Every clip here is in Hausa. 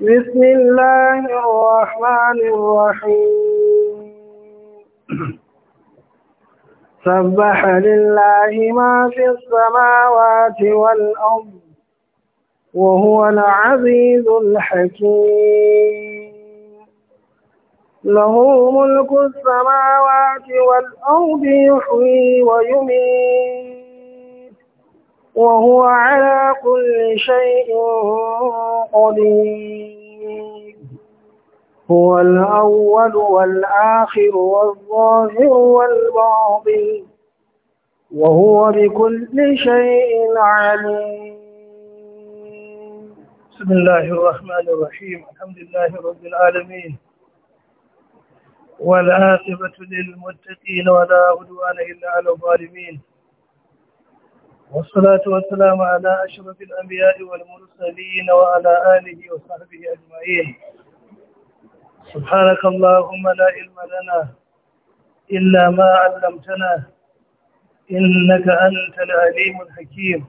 بسم الله الرحمن الرحيم سبح لله ما في السماوات والأرض وهو العزيز الحكيم له ملك السماوات والأرض يحيي ويميت وهو على كل شيء قدير هو الأول والآخر والظاهر والباطن وهو بكل شيء عليم بسم الله الرحمن الرحيم الحمد لله رب العالمين والعاقبة للمتقين ولا عدوان إلا على الظالمين والصلاة والسلام على أشرف الأنبياء والمرسلين وعلى آله وصحبه أجمعين سبحانك اللهم لا علم لنا إلا ما علمتنا إنك أنت العليم الحكيم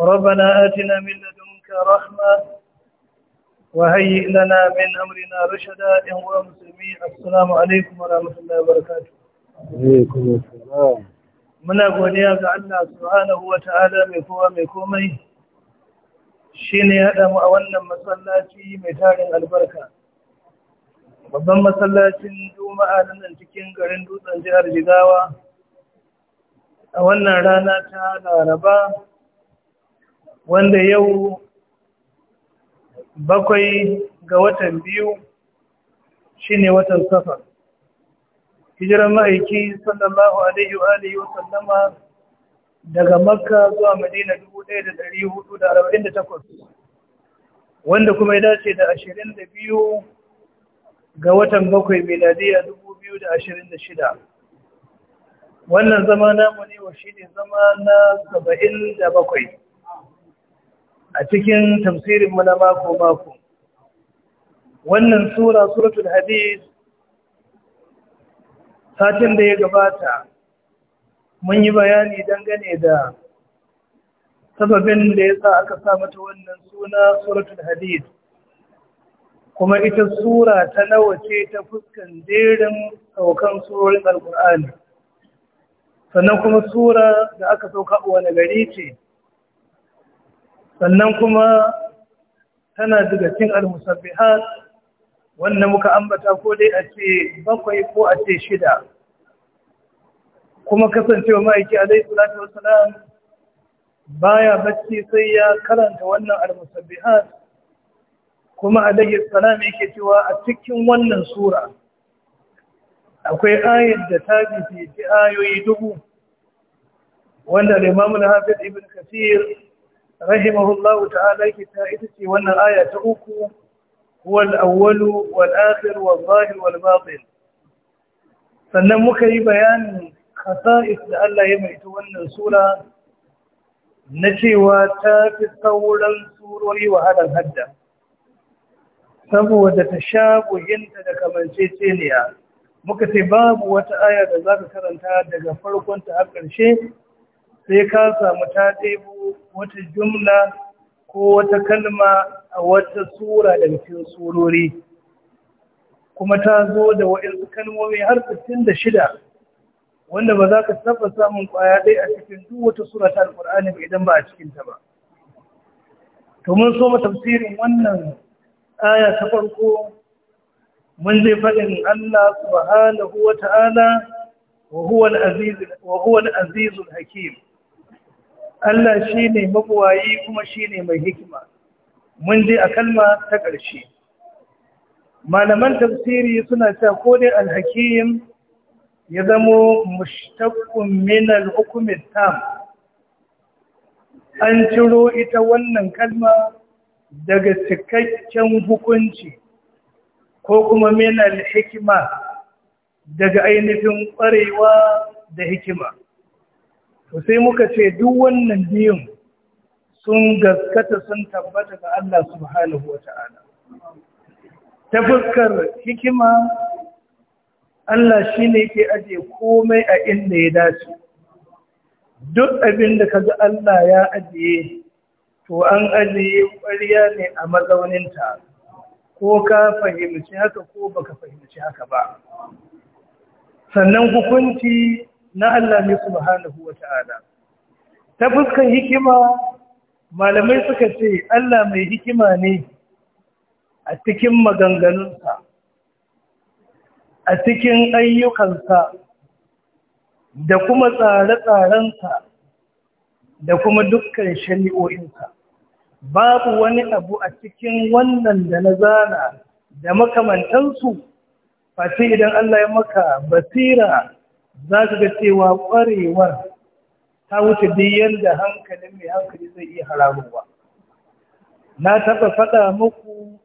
ربنا آتنا من لدنك رحمة وهيئ لنا من أمرنا رشدا يا مسلمين السلام عليكم ورحمة الله وبركاته. عليكم السلام. muna godiya ga Allah subhanahu wa ta'ala mai kowa mai komai shi ne haɗa mu a wannan masallaci mai tarin albarka babban masallacin juma'a na nan cikin garin dutsen jihar jigawa a wannan rana ta laraba wanda yau bakwai ga watan biyu shi ne watan safar hijiran ma'aiki sallallahu alaihi wa alihi wa sallama daga makka zuwa madina 1448 wanda kuma ya dace da 22 ga watan bakwai miladiya 2026 wannan zama namu ne wa shi ne zama na 77 a cikin tafsirinmu na mako-mako wannan sura suratul hadith satin da ya gabata mun yi bayani dangane da sababin da ya sa aka sa mata wannan suna suratul hadid kuma ita sura ta nawa ce ta fuskan jerin saukan surorin alkur'ani sannan kuma sura da aka sauka a wani gari ce sannan kuma tana daga cin al-musabbihat wanda muka ambata ko dai a ce bakwai ko a ce shida kuma kasancewa ma'aiki alaihi salatu wassalam baya bacci sai ya karanta wannan almusabbihat kuma a dage salam ke cewa a cikin wannan sura akwai ayat da ta bibiyi ayoyi dubu wanda Limamin hafiz Ibn kasir rahimahullahu ta'ala yake ta ita ce wannan aya ta uku هو الأول والآخر والظاهر والباطن sannan muka yi bayanin kasa'is da Allah ya maita wannan sura na cewa ta fi sauran surori wahalar hadda saboda ta sha buhinta da kamanceceniya muka ce babu wata aya da za ka karanta daga farkonta har ƙarshe sai ka samu ta ɗebo wata jumla ko wata kalma a wata sura da cikin surori kuma ta zo da waɗansu kalmomi har 66 wanda ba za ka taba samun kwaya ɗaya a cikin duk wata sura ta alƙur'ani ba idan ba a cikinta ba to mun so mu tafsirin wannan aya ta farko mun zai faɗin Allah subhanahu wa ta'ala wa huwa al hakim Allah shi ne mabuwayi kuma shi ne mai hikima mun je a kalma ta ƙarshe malaman tafsiri suna sa ko dai alhakiyin ya zamo mushtaqqun Minal hukumin tam an ciro ita wannan kalma daga cikakken hukunci ko kuma minar hikima daga ainihin ƙwarewa da hikima to sai muka ce duk wannan biyun sun gaskata sun tabbata ga Allah subhanahu wa ta fuskar hikima Allah shi ne ke ajiye komai a inda ya dace duk abin da ga Allah ya ajiye to an ajiye ƙwariya ne a mazauninta ko ka fahimci haka ko baka fahimci haka ba sannan hukunci na Allah ne subhanahu wa ta'ala ta fuskan hikima malamai suka ce Allah mai hikima ne a cikin maganganunsa a cikin ayyukansa da kuma tsare-tsarensa da kuma dukkan shari'o'insa babu wani abu a cikin wannan da na zana da makamantansu Fati idan Allah ya maka basira za ka ga cewa ƙwarewar ta wuce duk yadda hankalin mai hankali zai iya hararowa na taɓa faɗa muku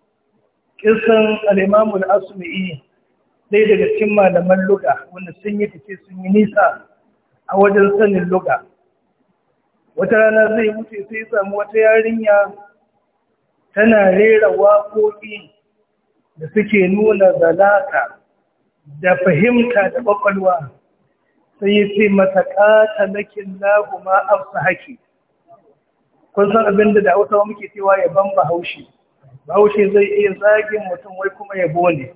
kisan al'imamul asumi ɗaya daga cikin malaman luga wanda sun yi fice sun yi nisa a wajen sanin luga wata rana zai wuce sai samu wata yarinya tana rera waƙoƙi da suke nuna zalaka da fahimta da ƙwaƙwalwa sai ya ce mata ƙatalakin lagu ma afsa haki kun san abin da hausawa muke cewa ya ban bahaushe bahaushe zai iya zagin mutum wai kuma ya bone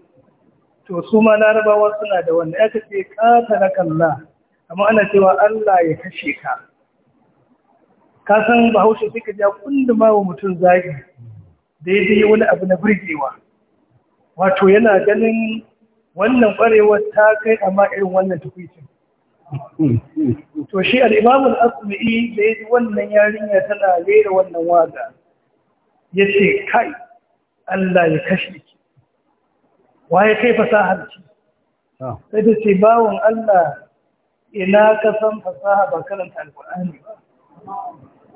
to su ma larabawa suna da wannan ya ƙata ƙatalakan la amma ana cewa Allah ya kashe ka ka san bahaushe sai ka ja kunduma wa mutum zagi daidai wani abu na burgewa wato yana ganin wannan kwarewar ta kai amma irin wannan tukwicin to shi al-imam al-asmi da yaji wannan yarinya tana rera wannan Ya yace kai Allah ya kashe ki waye kai fasahar ki ah. sai ta ce bawon Allah ina ka san fasaha ba karanta alqur'ani ba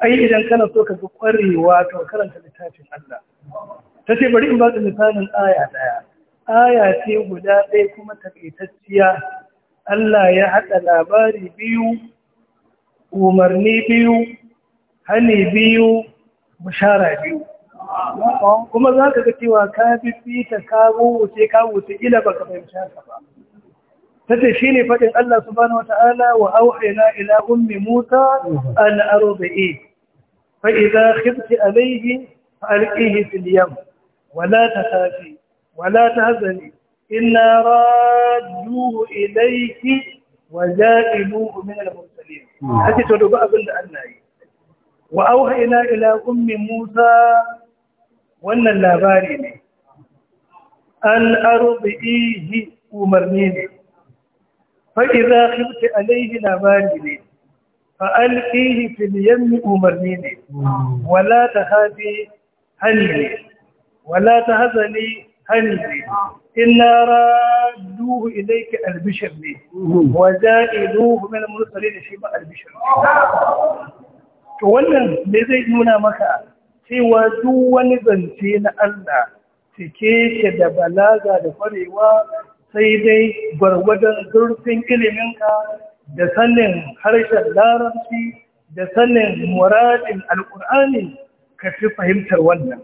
ai idan kana so ka ga kwarewa to karanta littafin Allah ta ce bari in ba ka misalin aya daya aya ce guda ɗaya kuma taƙaitacciya Allah ya haɗa labari biyu umarni biyu hani biyu bishara biyu kuma za ka cewa ka ta ka wuce wuce ila baka fahimci haka ba tace shine faɗin Allah subhanahu wataala wa auhayna ila ummi Musa an arbi'i fa idha khifti alayhi fa alqihi fil wala wa la takhafi wa إنا رادوه إليك وجائبوه من المرسلين هذه تدعو أبن أنه وأوحينا إلى أم موسى وأن اللابارين أن أرضئيه أمرنين فإذا خبت عليه لابارين فألقيه في اليم أمرنين ولا تهابي هني ولا تهزني hani ne duhu radduhu ke albishir ne wa ja'iluhu min al da shi ba albishir to wannan me zai nuna maka cewa duk wani zance na Allah cike ke da balaga da kwarewa sai dai gwargwadon zurfin iliminka da sanin harshen larabci da sanin muradin alkur'ani ka fi fahimtar wannan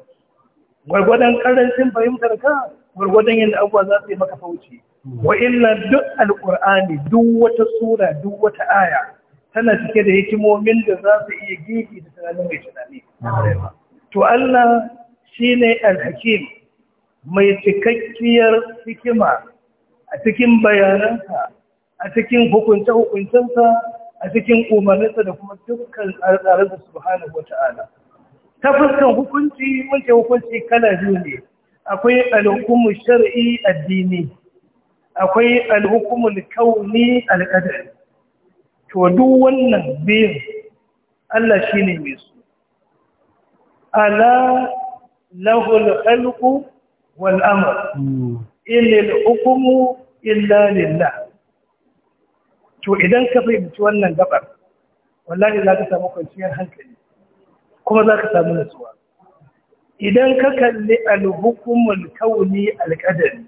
gwargwadon karancin fahimtar ka gwargwadon yadda abuwa za su yi maka fauci wa illa duk alkur'ani duk wata sura duk wata aya tana cike da hikimomin da za su iya gigi da tunanin mai tunani to Allah shine ne hakim mai cikakkiyar hikima a cikin bayanansa a cikin hukunce-hukuncensa a cikin umarninsa da kuma dukkan tsare-tsarensa subhanahu Ta'ala. ta fuskan hukunci mun hukunci kala biyu ne akwai alhukumu shar'i addini akwai alhukumu kauni alqadari to duk wannan biyu Allah shine mai su ala lahu khalqu wal amr ilil hukumu illa lillah to idan ka fahimci wannan gabar wallahi za ka samu kwanciyar hankali kuma za ka samu nutsuwa idan ka kalli alhukumul kauni alƙadar,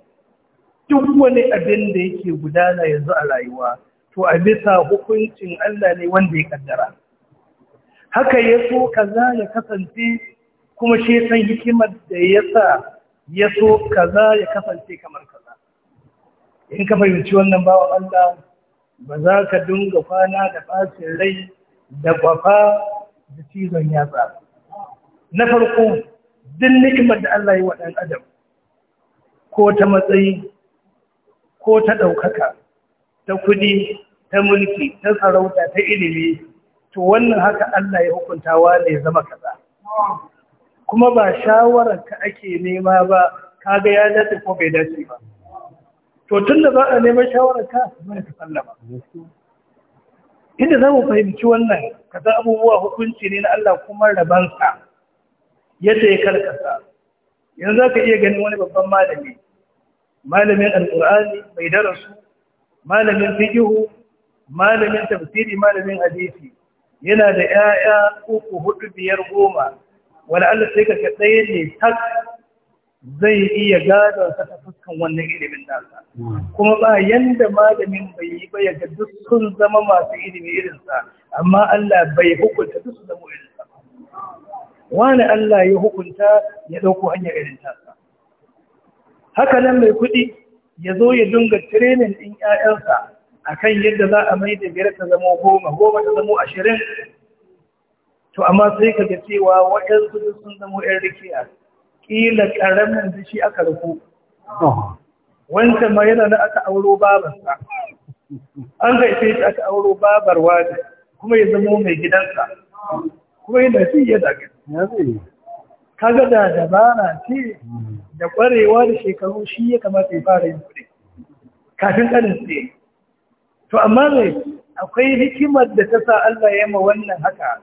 duk wani abin da yake gudana yanzu a rayuwa to a bisa hukuncin Allah ne wanda ya kaddara haka ya so kaza ya kasance kuma shi san hikimar da ya sa ya so kaza ya kasance kamar kaza in ka fahimci wannan bawa Allah ba za ka dinga kwana da ɓacin rai da kwafa da cizon yatsa na farko din nikimar da Allah yi wa ɗan adam ko ta matsayi ko ta ɗaukaka ta kudi ta mulki ta sarauta ta ilimi to wannan haka Allah ya hukuntawa ne zama kaza kuma ba shawarar ka ake nema ba kaga ya dace ko bai dace ba to tunda za a neman shawarar ka zai ka sallama inda za mu fahimci wannan ka san abubuwa hukunci ne na Allah kuma rabansa yadda ya karkasa yanzu za ka iya ganin wani babban malami malamin alƙur'ani mai darasu malamin fikihu malamin tafsiri malamin hadisi yana da 'ya'ya uku hudu biyar goma wani Allah sai ka ɗaya ne tak zai iya gadon saka fuskan wannan ilimin nasa kuma ba yanda malamin bai yi ba yaga duk sun zama masu ilimi irinsa amma Allah bai hukunta duk su mu irinsa sa wani Allah ya hukunta ya ɗauko hanya irin tasa haka nan mai kuɗi ya zo ya dinga tirenin ɗin 'ya'yansa a kan yadda za a mai da biyar ta zama goma goma ta zama ashirin to amma sai ka ga cewa waɗansu sun zama 'yan rikiya ƙila ƙaramin da shi aka rufu wancan ma yana da aka auro babarsa an ga ita aka auro babar wani kuma ya zama mai gidansa kuma yana fi ya daga kaga da dabara ce mm. da ƙwarewa da shekaru shi ya kamata ya fara yin kuɗi kafin ƙarin tsaye to amma mai akwai hikimar da ta sa Allah ya ma wannan haka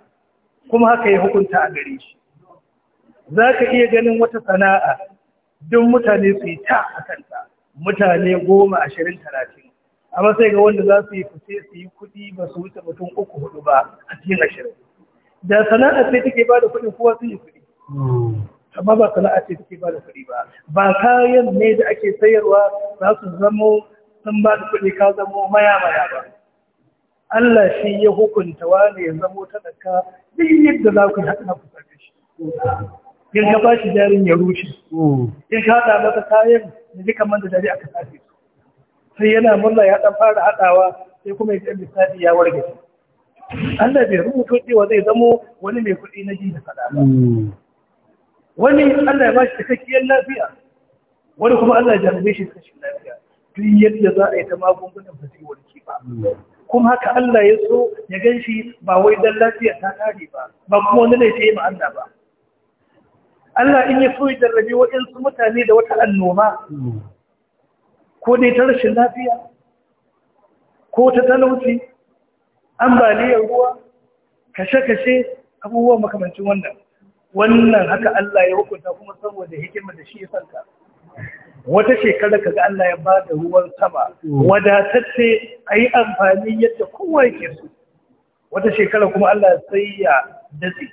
kuma haka ya hukunta a gare shi za ka iya ganin wata sana'a duk mutane su yi ta a kanta mutane goma ashirin talatin amma sai ga wanda za su yi fice su yi kuɗi ba su wuce mutum uku hudu ba a cikin ashirin da sana'a sai take ba da kuɗi kowa sun yi kuɗi amma ba sana'a ce take ba da kuɗi ba ba kayan ne da ake sayarwa za su zamo sun ba da kuɗi ka zamo maya-maya ba Allah shi ya hukunta wani ya zamo talaka duk yadda za ku haɗa ku sarfe shi in ka bashi jarin ya rushe hmm. in ka haɗa masa kayan da ji kamar da jari aka sace sai yana murna ya ɗan fara haɗawa sai kuma ya ce lissafi ya warge Allah bai rubuto cewa zai zamo wani mai kuɗi na ji da faɗa ba hmm. wani Allah ya bashi cikakkiyar lafiya wani kuma Allah ya jarabe shi da lafiya duk yadda za a yi ta magungunan ba zai warke ba hmm. kuma haka Allah ya so ya gan shi ba wai dan lafiya ta kare ba ba kuma wani ne ya yi ma Allah ba Allah in ya so ya jarrabi waɗansu mutane da wata annoma ko dai ta rashin lafiya ko ta talauci ambaliyar ruwa kashe-kashe abubuwan makamancin wannan wannan haka Allah ya hukunta kuma saboda hikima da shi ya sanka wata shekara kaga Allah ya ba da ruwan sama wadatacce a yi amfani yadda kowa yake so wata shekara kuma Allah sai ya datse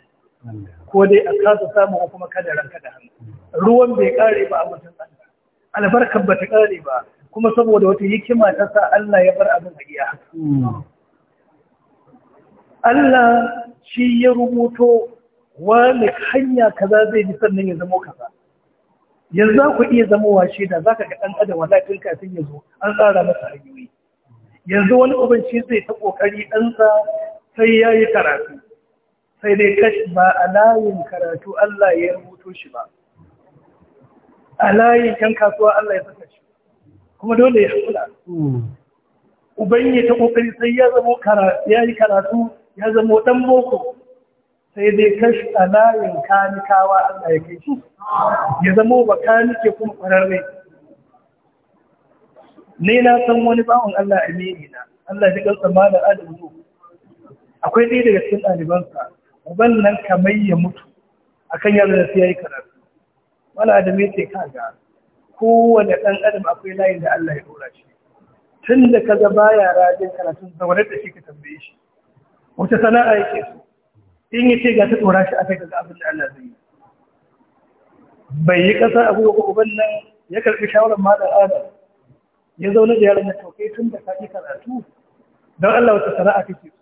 ko dai a kasa samu ko kuma kada ranka da hannu ruwan bai kare ba a mutum Allah albarkar ba ta kare ba kuma saboda wata hikima ta sa Allah ya bar abin a iya Allah shi ya rubuto wani hanya kaza zai bi sannan ya zamo kaza yanzu za ku iya zama washe da za ka ga ɗan adam wala tun kafin ya zo an tsara masa hanyoyi yanzu wani uban shi zai ta ƙoƙari ɗansa sai ya yi karatu sai dai kashi ba a layin karatu Allah ya rubuto shi ba a layin kan kasuwa Allah ya saka shi kuma dole ya kula uban ya ta kokari sai ya zama ya yi karatu ya zama dan boko sai dai kashi a layin kanikawa Allah ya kai shi ya zama ba kanike kuma kwararre ne na san wani bawon Allah amini na Allah ya kansa malam Adam akwai ɗaya daga cikin ɗalibansa uban nan kamar ya mutu akan yaro da sai yayi karatu wala adam ka ga, kowane ɗan adam akwai layin da Allah ya dora shi tun da ka zaba yara jin karatu da shi ka tambaye shi wata sana'a yake so in ce ga ta dora shi kai ga abin da Allah zai yi bai yi ƙasa a ga uban nan ya karɓi shawarar malam Adam ya zauna da yaron ya tauke tun da ka karatu don Allah wata sana'a kake so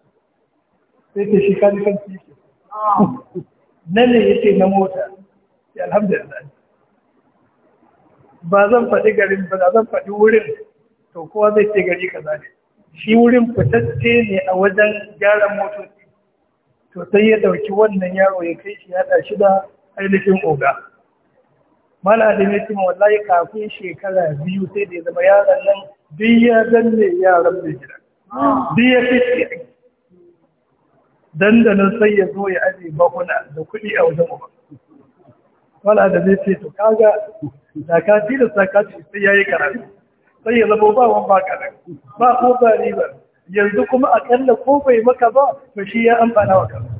sai ke shi ka kan kanki nan ne ya ce na mota ya alhamdulillah ba zan faɗi garin ba zan faɗi wurin to kowa zai ce gari kaza ne shi wurin fitacce ne a wajen gyara motoci to sai ya ɗauki wannan yaro ya kai shi haɗa shida da ainihin oga Mana da ne cima wallahi kafin shekara biyu sai da ya zama yaron nan duk ya danne yaran mai gida ah. duk ya Dandalin sai ya zo ya aje bakuna da kuɗi a wajen uba wala da zai ce to kaga da ka da sakaci sai yayi karatu sai ya zama ba wan baka da ba ko ba riba yanzu kuma akalla ko bai maka ba to shi ya amfana wa kanka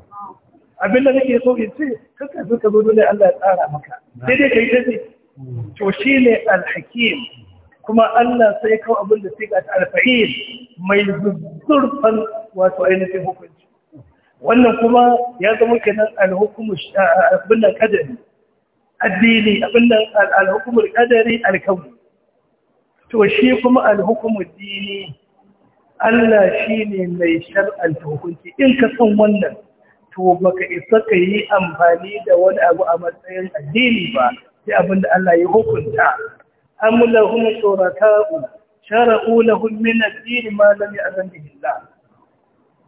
abin da nake so in ce kaka zo ka zo dole Allah ya tsara maka sai dai kai dai to shi ne alhakim kuma Allah sai kawo abin da sai ga alfa'il mai zuzzurfan wato ainihin hukunci wannan kuma ya zama kenan alhukumul abin nan addini abin nan alhukumul kadari alkauni to shi kuma alhukumul dini Allah shi ne mai shar'anta hukunci in ka san wannan to baka isa ka yi amfani da wani abu a matsayin addini ba sai abin da Allah ya hukunta am lahum shuraka'u shara'u lahum min ad-din ma lam ya'zan bihi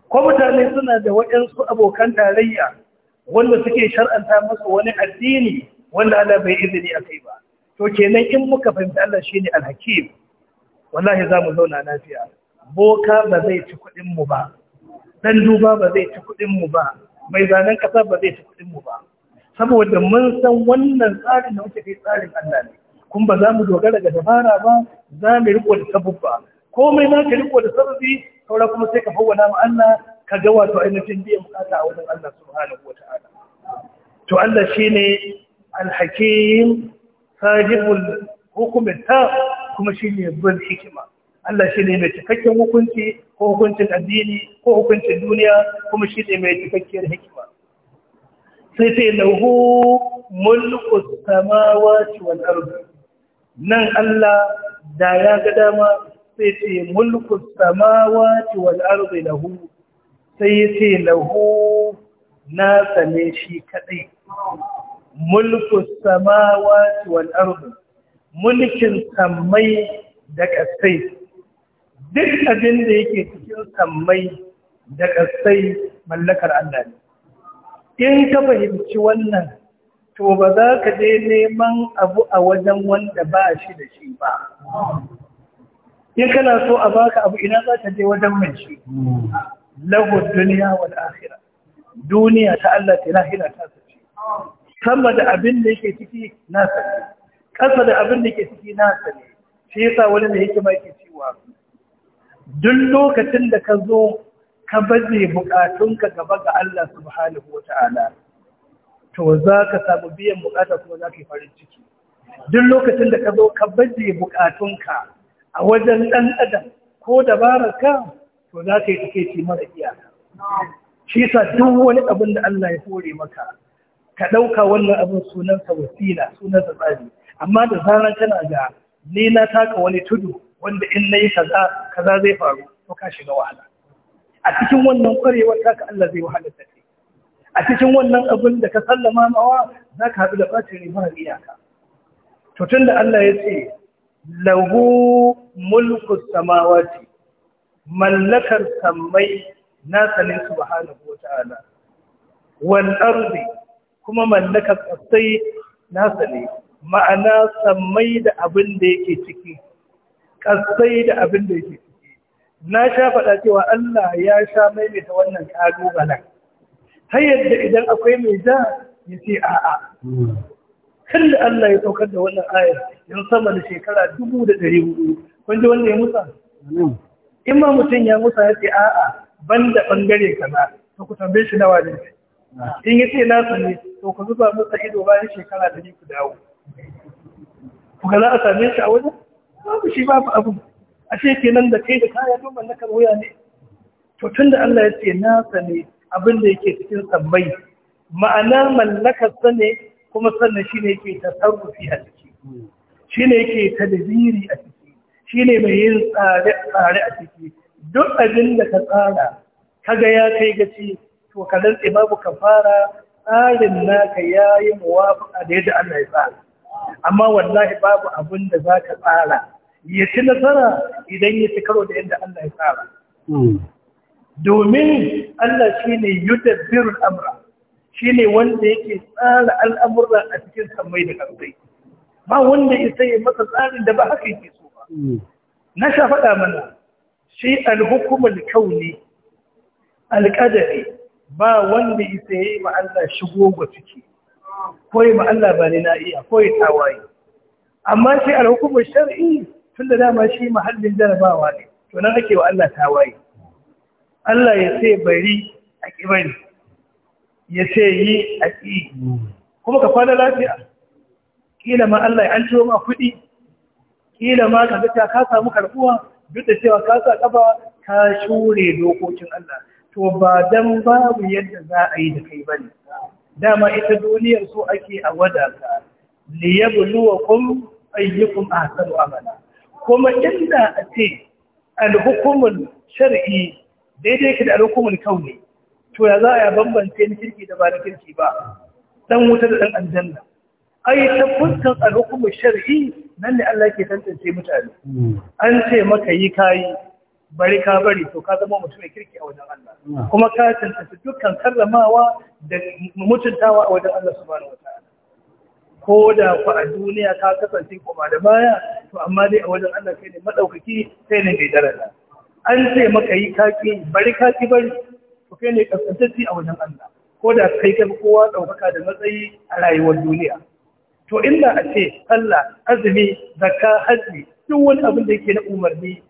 ko mutane suna da waɗansu abokan tarayya wanda suke shar'anta masa wani addini wanda Allah bai izini a kai ba to kenan in muka fahimta Allah shine al-hakim wallahi za mu zauna lafiya boka ba zai ci kuɗin mu ba dan duba ba zai ci kuɗin mu ba mai zanen ƙasa ba zai ci kuɗin mu ba saboda mun san wannan tsarin da muke kai tsarin Allah ne Kun ba za mu dogara ga dabara ba za mu riko da sabubba komai za ka riko da sababi saura kuma sai ka fawwana ma Allah ka ga wato ainihin biyan bukata a wajen Allah subhanahu wa ta'ala to Allah shine ne hakim sajibul hukum ta kuma shine zuwan hikima Allah shine mai cikakken hukunci ko hukuncin addini ko hukuncin duniya kuma shine mai cikakkiyar hikima sai sai lahu mulku samawati wal ardi nan Allah da ya ga dama sai ce mulkus samawati wal ardi lahu sai yace lahu na same shi kadai Mulku samawati wal ardi mulkin Samai da kasai duk abin da yake cikin Samai da kasai mallakar Allah ne in ka fahimci wannan to ba za ka je neman abu a wajen wanda ba shi da shi ba ya kana so a baka abu ina za ta je wajen mai shi Lagos duniya wal akhira duniya ta Allah ta lahira ta sace sama da abin da yake ciki na sace kasa da abin da yake ciki na sace shi yasa wani da yake ma yake cewa duk lokacin da ka zo ka baje bukatunka gaba ga Allah subhanahu wata'ala to za ka samu biyan bukata kuma za ka yi farin ciki duk lokacin da ka zo ka baje bukatunka a wajen ɗan adam ko dabarar ka to za ka yi takaici mara iyaka shi sa duk wani abin da Allah ya hore maka ka ɗauka wannan abin sunansa wasila sunansa tsari amma da zarar kana ga ni na taka wani tudu wanda in na yi kaza kaza zai faru to ka shiga wahala a cikin wannan kwarewar taka Allah zai wahala ta ce a cikin wannan abin da ka sallama mawa za ka haɗu da ɓacin rimar iyaka to tun da Allah ya ce lahu mulku samawati mallakar sammai nasa ne subhanahu wata'ala wal ardi kuma mallakar tsaye nasa ne ma'ana sammai da abin da yake ciki kasai da abin da yake ciki na sha faɗa cewa Allah ya sha maimaita wannan kalubalen har yadda idan akwai mai da ya ce a'a hmm. kan Allah ya saukar da wannan ayar yan sama da shekara dubu da ɗari hudu kun ji wanda ya musa in ma mutum ya musa ya ce a'a ban da ɓangare kaza to ku tambaye shi nawa ne in ya ce nasu ne to ku zuba masa ido bayan shekara ɗari ku dawo ku ga za a same shi a wajen babu shi babu abu ashe kenan da kai da kaya don kan wuya ne to tunda Allah ya ce nasa ne abin da yake cikin sabbai ma'ana mallakar sa ne kuma sannan shi ne yake tasarrufi a ciki shi ne yake tadbiri a ciki shi ne mai yin tsare-tsare a ciki duk abin da ka tsara kaga ya kai gaci to ka rantse ka fara, tsarin naka ya yi muwafaƙa da yadda Allah ya tsara amma wallahi babu abin da za ka tsara ya ci nasara idan ya ci karo da yadda Allah ya tsara hmm. domin Allah shi ne yudabbirul amra shi ne wanda yake tsara al'amura a cikin samai da ƙarfi ba wanda isa ya masa tsarin da ba haka yake so ba hmm. na sha faɗa mana shi alhukumul kauni alƙadari ba wanda isa ya yi ma Allah shigo ga ciki ko yi ma Allah ba ne na iya ko yi tawaye amma shi alhukumar shar'i tun da dama shi mahallin jarabawa ne to nan ake wa Allah tawaye Allah ya sai bari a ƙibari ya sai yi a ƙi hmm. kuma ka kwana lafiya kila ma Allah ya alciwo ma kuɗi kila ma ka ka samu karbuwa. duk da cewa ka sa ƙafa ka shure dokokin Allah to ba dan babu yadda za a yi da kai bane dama ita duniyar so ake a wada ka liyabluwakum ayyukum ahsanu amala kuma inda a ce alhukumul shar'i daidai ki da alhukumul kauni to ya za a bambance ni kirki da ba ni kirki ba dan wuta da dan aljanna ai ta fuskan hukumar shar'i nan ne Allah ke tantance mutane hmm. an ce maka yi kayi bari ka bari to ka zama mutum mai kirki a wajen Allah hmm. kuma ka tantance dukkan karramawa da mutuntawa a wajen Allah subhanahu wataala ko da ku a duniya ka kasance kuma da baya to amma dai a wajen Allah kai ne madaukaki kai ne mai daraja an ce maka yi kaki bari kaki bari to kai ne kasantacci a wajen Allah ko da kai kai kowa ɗaukaka da matsayi a rayuwar duniya to illa a ce allah azumi zakka hajji duk wani abin da yake na umarni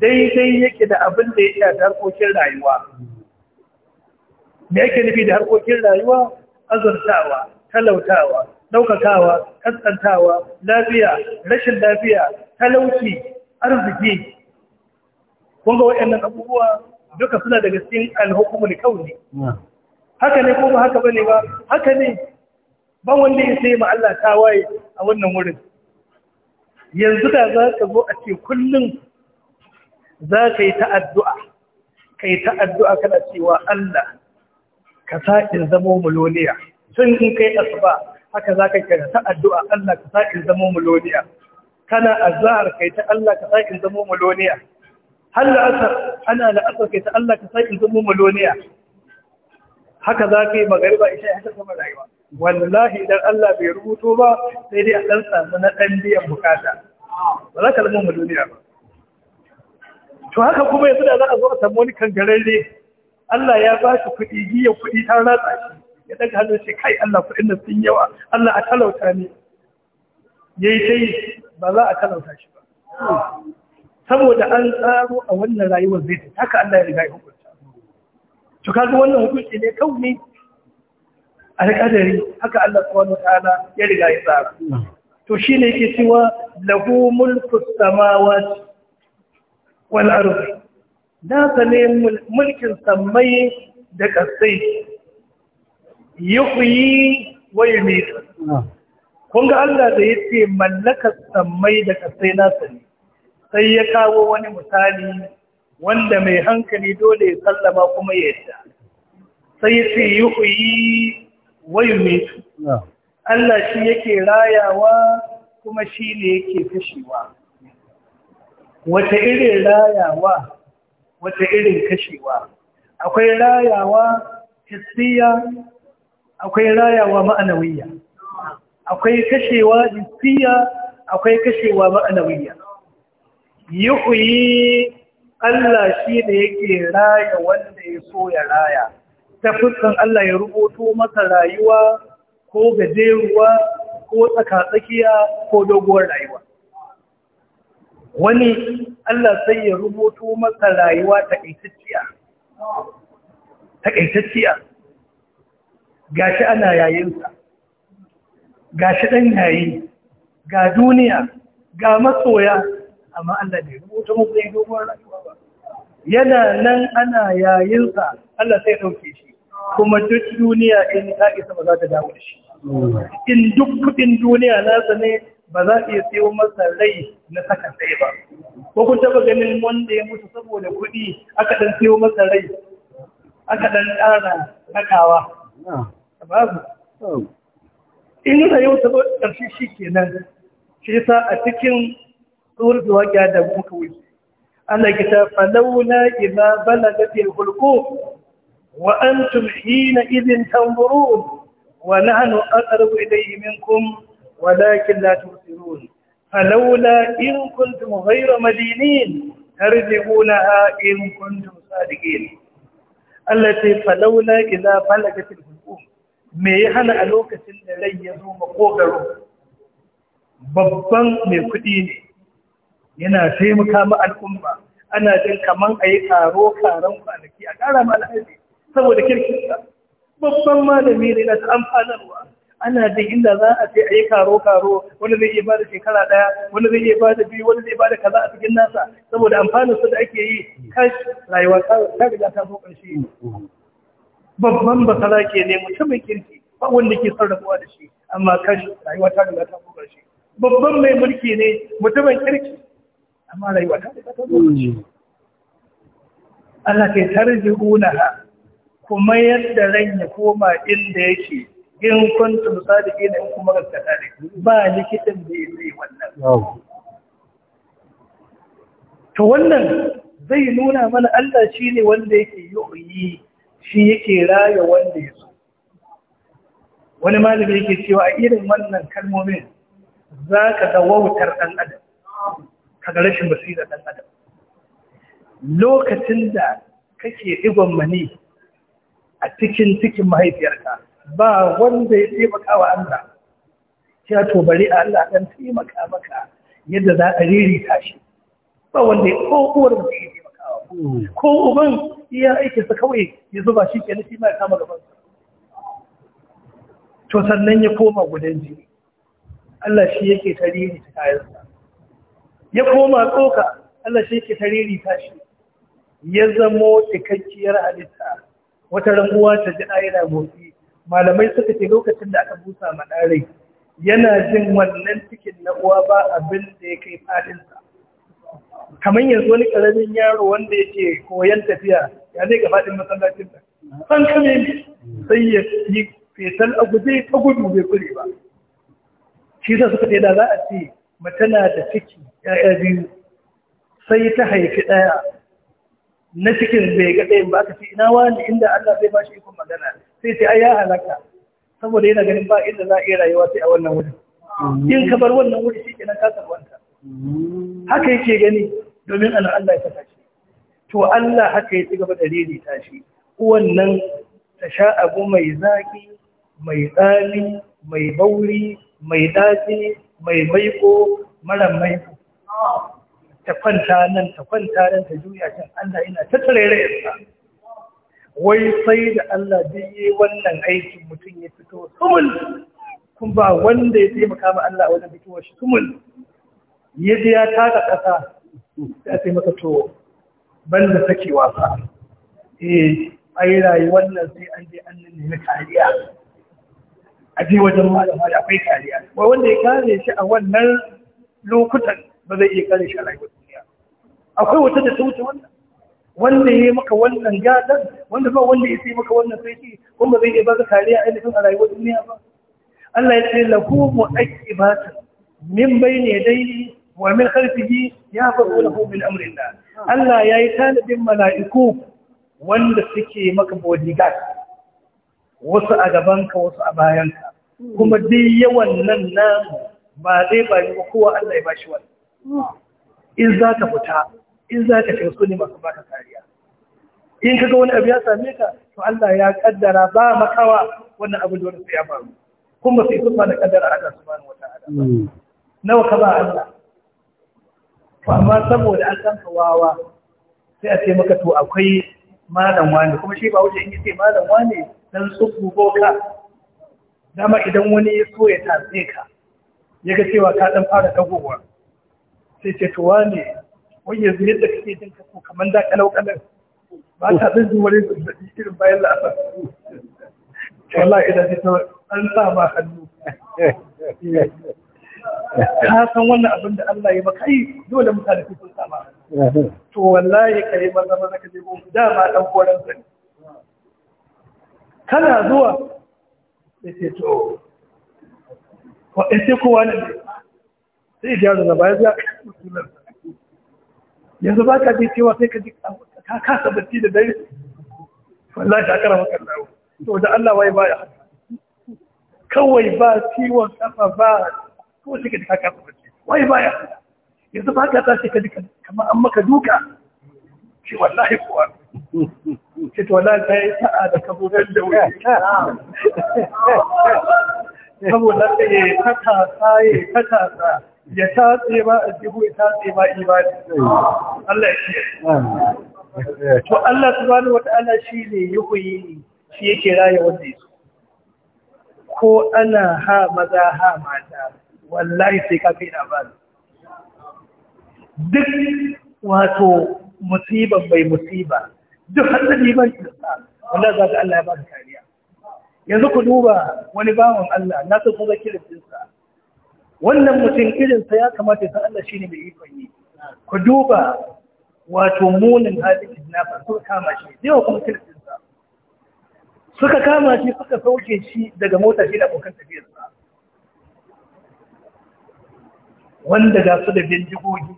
daidai yake da abin da ya da harkokin rayuwa me yake nufi da harkokin rayuwa azurtawa talautawa ɗaukakawa, kaskantawa lafiya rashin lafiya talauci arziki kun ga waɗannan abubuwa duka suna daga cikin alhukumul kauni haka ne ko ba haka bane ba haka ne ba wanda ya sai ma Allah ta waye a wannan wurin yanzu da za ka zo a ce kullum za ka yi ta addu'a ka yi ta kana cewa Allah ka sa in zamo muloniya tun in kai asuba haka za ka kira ta addu'a Allah ka sa in zamo muloniya kana azhar kai ta Allah ka sa in zamo muloniya har la'asar ana la'asar kai ta Allah ka sa in zamo muloniya haka za ka yi magariba isha haka sama rayuwa wallahi idan Allah bai rubuto ba sai dai a ɗan samu na ɗan biyan bukata ba za ka zama mu duniya ba to haka kuma yanzu da za a zo a samu wani kangararre Allah ya ba shi kuɗi giya kuɗi ta ratsa shi ya ɗaga hannun shi kai Allah kuɗin nan sun yawa Allah a talauta ne ya yi sai ba za a talauta shi ba saboda an tsaro a wannan rayuwar zai ta haka Allah ya riga ya hukunta to kaga wannan hukunci ne kauni alƙadari haka Allah subhanahu ta'ala ya riga ya tsara to shi ne ke cewa lahu mulku Wani wal ardi da ne mulkin samai da kasai yi, wa ne kun Kunga Allah da yace mallakar samai da ƙasai nasa ne. sai ya kawo wani misali wanda mai hankali dole ya sallama kuma ya yadda sai ya ce yuhyi wayin Allah shi yake rayawa kuma shi ne yake kashewa wata irin rayawa wata irin kashewa akwai rayawa hissiya akwai rayawa ma'anawiya akwai kashewa hissiya akwai kashewa ma'anawiya yuhuyi Allah shi ne yake raya wanda ya so ya raya ta fuskan Allah ya rubuto masa rayuwa ko gajeruwa ko tsakatsakiya ko doguwar rayuwa wani Allah sai ya rubuto masa rayuwa ƙaitacciya. Ga gashi ana yayinsa gashi ɗan yayi ga duniya ga masoya amma Allah bai rubuta musu doguwar rayuwa ba yana nan ana yayinsa Allah sai dauke shi kuma duk duniya in ta isa ba za ta dawo da shi in duk kudin duniya na ne ba za ta iya siyo masa rai na saka sai ba ko kun taba ganin wanda ya mutu saboda kuɗi aka dan siyo masa rai aka dan ƙara nakawa babu in rayuwa ta zo ƙarshe shi kenan shi yasa a cikin tsohon zuwa gyada muka wuce Allah kita falawla ima balagat al-hulqum وأنتم حينئذ تنظرون ونحن أقرب إليه منكم ولكن لا تبصرون فلولا إن كنتم غير مدينين ترجعونها إن كنتم صادقين التي فلولا إذا بلغت الحلقوم me ألوك سن لي da rai babban mai kuɗi ne yana taimaka ma al'umma ana jin kaman a yi karo karon kwanaki a ƙara ma alhaji saboda kirki babban malami ne na ta amfanarwa ana da inda za a ce a yi karo-karo wani zai iya ba da shekara ɗaya wani zai iya ba da biyu wani zai ba da kaza a cikin nasa saboda amfanin su da ake yi kashi. rayuwa ta riga ta zo ƙarshe babban basara ke ne mutumin kirki ba wanda ke sarrafawa da shi amma kashi rayuwa ta riga ta zo ƙarshe babban mai mulki ne mutumin kirki amma rayuwa ta riga ta zo ƙarshe Allah ke tarji'una ha kuma yadda ran ya koma inda yake in kuntum sadiqin in kuma gaskata ne ba likitan da zai wannan to wannan zai nuna mana Allah shi ne wanda yake yi shi yake raya wanda ya so wani malami yake cewa a irin wannan kalmomin za ka ga wautar ɗan adam ka ga rashin basira ɗan adam lokacin da kake digon mani a cikin cikin mahaifiyarka ba wanda ya taimaka wa Allah ya to bari Allah dan taimaka maka yadda za a ririta shi ba wanda ya ko uwar da ya taimaka ko uban iya aiki sa kawai ya zuba shi kenan shi ma ya kama gaban to sannan ya koma gudan jini Allah shi yake tariri ta kayansa ya koma tsoka Allah shi yake tariri ta shi ya zamo cikakkiyar halitta wata ranguwa ta ji yana motsi malamai suka ce lokacin da aka busa maɗarai yana jin wannan cikin na uwa ba abin da ya kai fadinsa kamar yanzu wani karamin yaro wanda yake koyan tafiya ya zai ga fadin masallacin da san kame sai ya yi fetal a guje ta gudu bai kure ba shi sa suka ce da za a ce mace na da ciki ya'ya biyu sai ta haifi ɗaya na cikin zai ga ɗayan ba ka fi ina wani inda Allah zai ba shi ikon magana sai sai ai ya halaka saboda yana ganin ba inda za a iya rayuwa sai a wannan wuri in ka bar wannan wuri shi kenan ka wanka. haka yake gani domin ana Allah ya saka shi to Allah haka ya ci gaba da riri ta shi wannan ta sha abu mai zaki mai tsami mai bauri mai dace mai maiko mara maiko ah. ta kwanta nan ta kwanta nan ta juya can Allah yana ta tarairayarsa wai sai da Allah zai yi wannan aikin mutum ya fito sumul kun ba wanda ya taimaka ma Allah wajen fitowar shi sumul ya ji ya taka ƙasa sai a to ban da sake wasa eh ai rayuwar wannan sai an je an nemi kariya a je wajen malama da akwai kariya wai wanda ya kare shi a wannan lokutan ba zai iya kare shi a rayuwar akwai wata da ta wuce wannan wanda ya yi maka wannan gadon wanda ba wanda ya sai maka wannan sai kuma zai iya ba ka kariya ainihin a rayuwar duniya ba Allah ya ce lahu ta min bai ne dai wa min ya faru lahu min amrillah Allah ya yi talibin mala'iku wanda suke maka bodyguard wasu a gabanka wasu a bayanka kuma duk yawan nan namu ba zai ba ni kowa Allah ya bashi wani hmm. in za ta fita in za ka shiga su ne masu baka kariya in ka ga wani abu ya same ka to Allah ya kaddara ba makawa wannan abu da wani ya faru kun ba sai kuma da kaddara Allah subhanahu wataala hmm. nawa ka ba Allah to amma saboda an san kawawa sai a ce maka to akwai malam wani kuma shi ba wuce in ce malam wani dan tsubu ka. dama idan wani ya so ya tatse ka ya ga cewa ka ɗan fara dagowa sai ce to wani wai yanzu yadda kake jin ka ko kamar da kalau kalau ba ta ɗin jin wani zazzabi irin bayan la'asar wallahi idan ji ta an sa ma hannu ka san wannan abin da Allah ya maka yi dole mutane su sun sama to wallahi ka yi maza maza ka je gon dama dan koran sani kana zuwa sai ce to ko sai kowa ne sai ya da bayan ya musulunci yanzu ba ka je cewa sai ka ji ka kasa bacci da dare wallahi ta kara maka lawo to da Allah wai ba ya kawai ba ciwon kafa ba ko shi ka ji ka kasa bacci wai ba ya yanzu ba ka tashi ka ji kamar an maka duka shi wallahi kuwa ce to wallahi sai sa'a da kaburar da wuya saboda sai ta ta sai ya tasa. ya tatse ba a jihu ya tatse ba ibadi Allah ya ce to Allah subhanahu wata'ala shi ne huyi shi yake raye wanda ya ko ana ha maza ha mata wallahi sai ka kai labari duk wato musiban bai musiba duk hatsari ban kirsa wanda za ka Allah ya ba kariya yanzu ku duba wani bawan Allah na san kuma kirin wannan mutum irinsa ya kamata san Allah shine mai ikon yi ku duba wato munin halin kidnapper suka kama shi zai kuma kirkinsa suka kama shi suka sauke shi daga mota shi da abokan tafiyarsa wanda ga su da bindigogi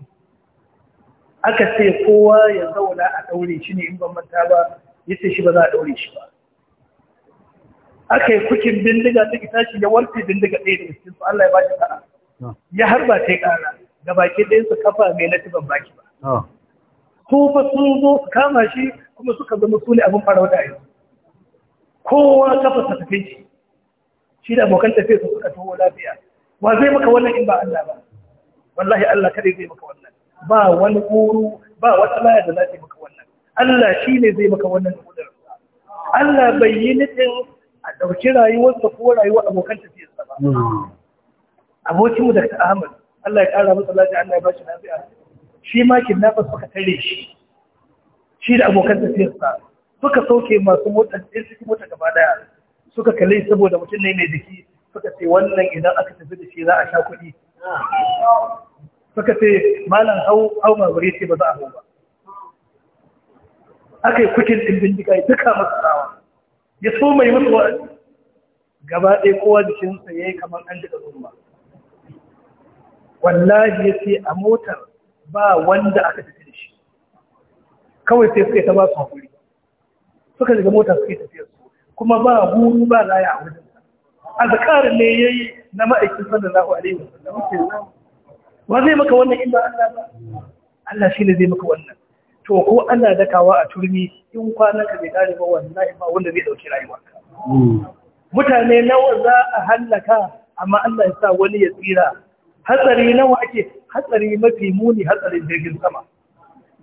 aka ce kowa ya zauna a daure shi ne in ban manta ba yace shi ba za a daure shi ba aka yi kukin bindiga ta tashi ya warke bindiga ɗaya da cikin su Allah ya ba shi ta'a. ya harba ta yi ƙara da baki ɗayan su kafa mai ban baki ba su fa sun zo su kama shi kuma suka zama su ne abin fara wata yanzu kowa kafa ta tafi shi shi da abokan tafiya su suka taho lafiya wa zai maka wannan in ba Allah ba wallahi Allah kada zai maka wannan ba wani guru ba wata laya da za ta maka wannan Allah shi ne zai maka wannan da Allah bai yi nufin a ɗauki rayuwarsa ko rayuwar abokan tafiyarsa ba hmm. abokinmu da Ahmad Allah ya ƙara masa lafiya Allah ya ba shi lafiya shi ma kidnappers suka tare shi shi da abokan tafiyarsa suka sauke masu motar ɗin cikin mota gaba daya suka kalle saboda mutum ne mai jiki suka ce wannan idan aka tafi da shi za a sha kuɗi suka ce malam hau hau mabare ce ba za a hau ba aka yi kukin ɗin bindiga ya duka masu tsawa ya so mai musu wa'azi gaba ɗaya kowa jikinsa ya yi kamar an jika zumba wallahi ya ce a motar ba wanda aka tafi da shi kawai sai suka yi ta ba su hakuri suka shiga motar suka yi tafiya su kuma ba guru ba raya a wajen zakarar ne ya yi na ma'aikin sallallahu alaihi wasallam wa zai maka wannan inda Allah ba Allah shi ne zai maka wannan to ko ana dakawa a turmi in kwanan ka bai dare ba wallahi ba wanda zai dauki rayuwa. mutane nawa za a hallaka amma Allah ya sa wani ya tsira hatsari nawa ake hatsari mafi muni hatsarin jirgin sama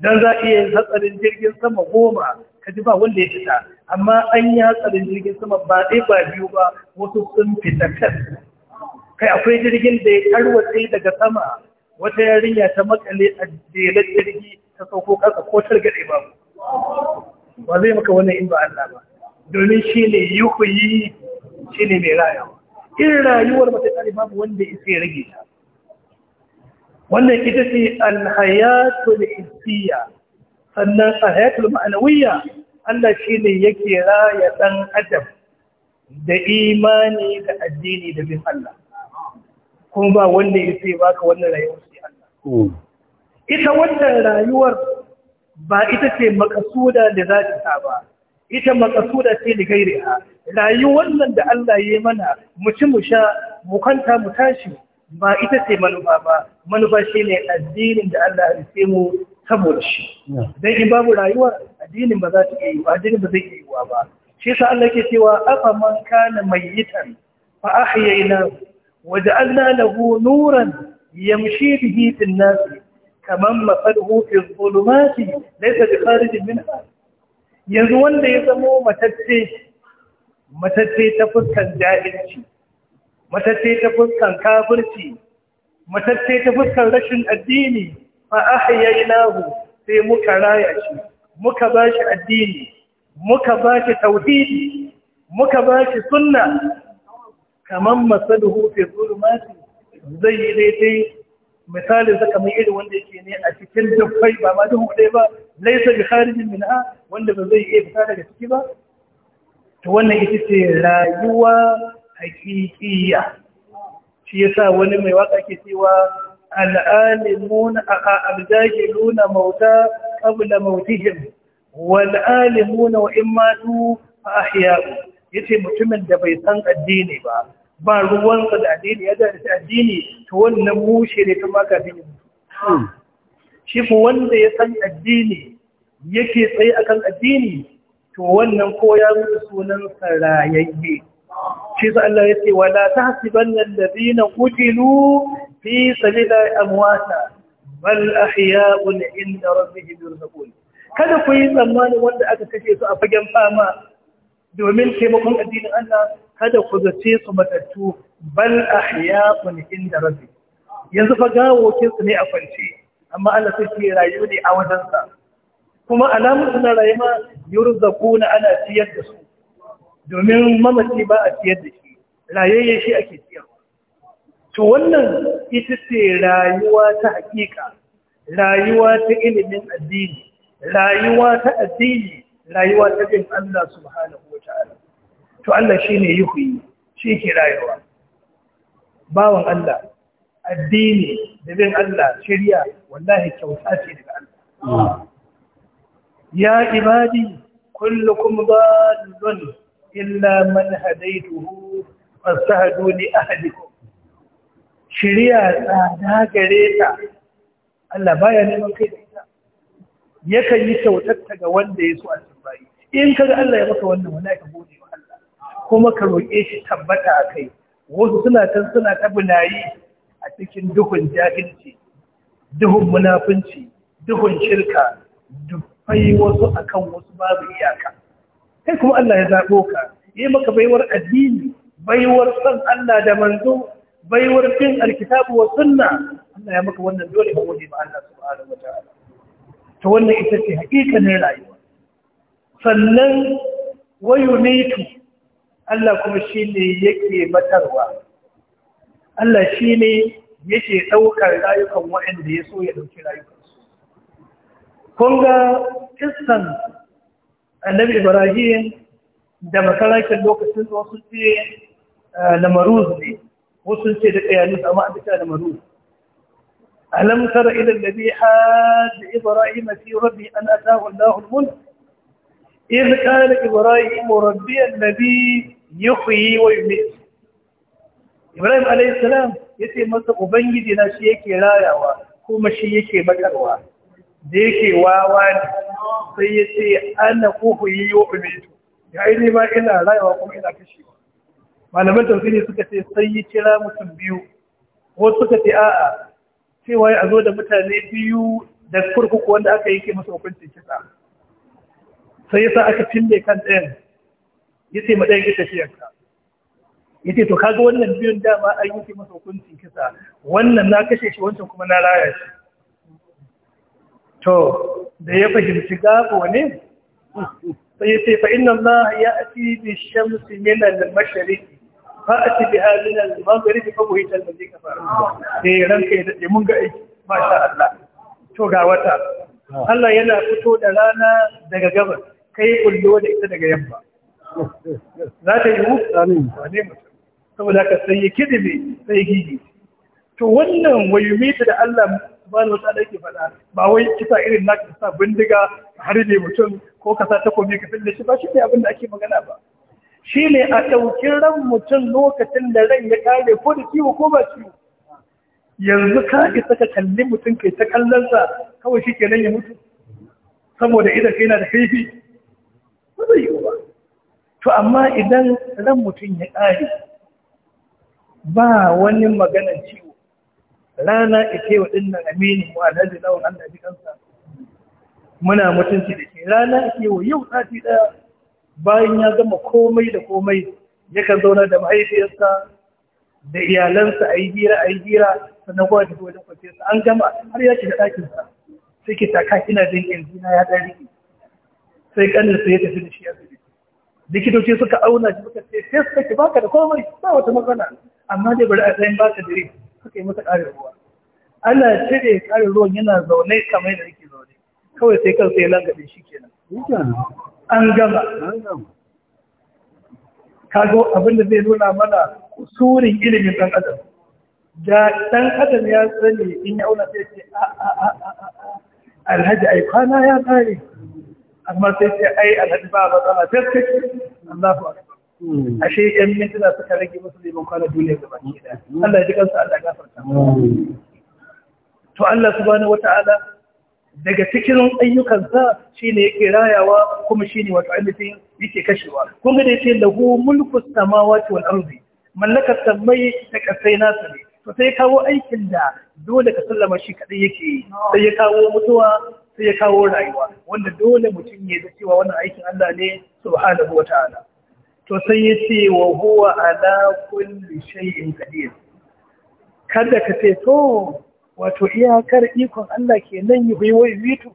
dan za iya yin hatsarin jirgin sama goma ka ji ba wanda ya fita amma an yi hatsarin jirgin sama ba dai ba biyu ba wasu sun fita kan kai akwai jirgin da ya tarwatse daga sama wata yarinya ta makale a jelar jirgi ta sauko karka ko targaɗe babu ba zai maka wannan in ba Allah ba domin shi ne yi shi ne mai rayuwa In rayuwar ba ta tsari babu wanda isa ya rage ta wannan ita ce alhayatu hissiya sannan alhayatul ma'anawiyya Allah shi ne yake raya ɗan adam da imani da addini da bin Allah kuma ba wanda ya ce baka wannan rayuwar sai Allah hmm. ita wannan rayuwar ba ita ce makasuda da za ta ba ita makasuda ce da a? rayuwar nan da Allah ya mana mu ci mu sha mu kwanta mu tashi ba ita ce manufa ba manufa shi ne addinin da Allah ya mu saboda shi dan in babu rayuwar addinin ba za ta yi ba addinin ba zai iya yiwa ba shi yasa Allah yake cewa afa man kana mayyitan fa ahyayna wa ja'alna lahu nuran yamshi bihi fil nasi. kamar mafarhu fi zulumati laysa bi kharijin minha yanzu wanda ya zamo matacce matacce ta fuskan jahilci matacce ta fuskan kafirci matacce ta fuskan rashin addini fa ahyaynahu sai muka raya shi muka bashi addini muka bashi tauhidi muka bashi sunna kamar masaluhu fi zulumati zai dai misalin za kamar irin wanda yake ne a cikin dafai ba ma duhu ɗaya ba laisa bi kharijin ha wanda ba zai iya fita daga ciki ba to wannan ita ce rayuwa haƙiƙiya shi yasa wani mai waka ke cewa al'alimuna a abjahiluna mauta qabla mautihim wal alimuna wa in matu yace mutumin da bai san addini ba ba ruwansa da addini ya da addini to wannan mushe ne tun ma kafin hmm. shi ko wanda ya san addini yake tsaye akan addini to wannan ko ya mutu sunan sarayayye shi sa Allah ya ce wala tahsibanna alladhina qutilu fi sabilillahi amwata bal ahya'un inda rabbihim yurzaqun kada ku yi tsammani wanda aka kashe su a fagen fama domin taimakon addinin Allah kada ku zace su matattu bal ahya'un inda rabbi yanzu fa gawokin su ne a kwance amma Allah sai ke rayu ne a wajen sa kuma alamun suna rayuwa yurzaquna ana ciyar da su domin mamaci ba a ciyar da shi rayayye shi ake ciyar to wannan ita ce rayuwa ta hakika rayuwa ta ilimin addini rayuwa ta addini rayuwa ta bin Allah subhanahu wa ta'ala to Allah shi ne yuhuyi shi ke rayuwa bawan Allah addini da bin Allah shirya wallahi kyauta ce daga Allah ya ibadi kullukum dallun illa man hadaytuhu fastahdu li ahadikum shirya tsada gare ta Allah baya neman kai da ita yakan yi kyautar ta ga wanda ya so a cikin bayi in kaga Allah ya maka wannan wallahi ka gode kuma ka roƙe shi tabbata a kai wasu suna can suna ta bunayi a cikin duhun jahilci duhun munafunci duhun shirka dufai wasu akan wasu babu iyaka kai kuma Allah ya zaɓo ka yi maka baiwar addini baiwar san Allah da manzo baiwar bin alkitabu wa sunna Allah ya maka wannan dole ba waje ba Allah subhanahu wa ta'ala to wannan ita ce hakika ne rayuwa sannan wayunitu Allah kuma shi ne yake batarwa Allah shi ne yake ɗaukar rayukan waɗanda ya so ya ɗauki rayukansu kun ga kistan annabi ibrahim da makarakin lokacin wasu ce lamaruz eh, ne wasu ce da ƙayanu amma an fita lamaruz alam tara ila alladhi hajja ibrahim fi rabbi an ataahu Allahu mulk إذ قال إبراهيم ربي الذي يحيي ويميت إبراهيم عليه السلام yace masa ubangiji na shi yake rayawa kuma shi yake bakarwa da yake wawa ne sai yace ana kuhu yi wa umitu ya yi ma ina rayawa kuma ina kashewa malaman tafsiri suka ce sai ya kira mutum biyu Wasu suka ce a'a cewa ya zo da mutane biyu da kurkuku wanda aka yanke ke masa hukuncin kisa sai yasa aka cinne kan ɗayan ya ce ma ɗayan ita shi yanka ya ce to kaga wannan biyun dama an yi masa hukuncin kisa wannan na kashe shi wancan kuma na raya shi to da ya fahimci gabo ne sai ya ce fa inna Allah ya ati bi shamsi min al-mashriq fa biha min al-maghrib fa buhita al-ladhi kafara sai eh, ranka ya dade mun ga aiki masha Allah to ga wata ah. Allah yana fito da rana daga gabas kai kullu da ita daga yamma za ta yi amin wane mutum saboda ka sai ya kidime sai gigi to wannan ta da Allah subhanahu wa ta'ala yake faɗa ba wai kisa irin na ka sa bindiga har ne mutum ko ka sa takobi ka fille shi ba shi ne abin da ake magana ba shi ne a ɗauki ran mutum lokacin da ran ya kare ko da ciwo ko ba ciwo yanzu ka isa ka kalli mutum kai ta kallonsa kawai shi kenan ya mutu saboda idan kai na da kaifi ba zai yi ba to amma idan ran mutum ya ƙari ba wani maganan ciwo rana ita yi ɗin nan aminin wa alhaji lawan Allah ji kansa muna mutunci da ke rana ita yi yau sati ɗaya bayan ya zama komai da komai yakan zauna da mahaifiyarsa da iyalansa a yi hira a yi hira sannan kowa tafi wajen kwanciyarsa an gama har ya shiga ɗakinsa sai ke taka kina jin na ya ɗari sai kanin sai ya tafi da shi asibiti likitoci suka auna shi suka ce sai ki baka da komai ba wata matsala amma dai bari a tsayin baka dare suka yi masa ƙarin ruwa Allah ya cire ƙarin ruwan yana zaune kamar yadda yake zaune kawai sai kansa ya langabe shi kenan an gama kago abinda zai nuna mana surin ilimin ɗan adam da ɗan adam ya sani in ya auna sai ce a a alhaji ai kwana ya kare amma sai ce ai alhaji ba matsala taske Allahu akbar hmm. ashe yan mintuna suka rage musu liman kwana duniya gaba ki da hmm. Allah ya ji kansu Allah gafarta hmm. to Allah subhanahu wata'ala daga cikin ayyukan sa shine yake rayawa kuma shine wato ainihin yake kashewa kun ga da yake lahu mulku samawati wal ardi mallakar sammai ta kasai nasa ne to sai kawo aikin da dole ka sallama shi kaɗai yake yi sai ya kawo mutuwa sai ya kawo rayuwa wanda dole mutum ya da cewa wannan aikin Allah ne subhanahu ta'ala. to sai ya ce wa huwa ala kulli shay'in qadir kada ka ce to wato iyakar ikon Allah kenan yi wai yitu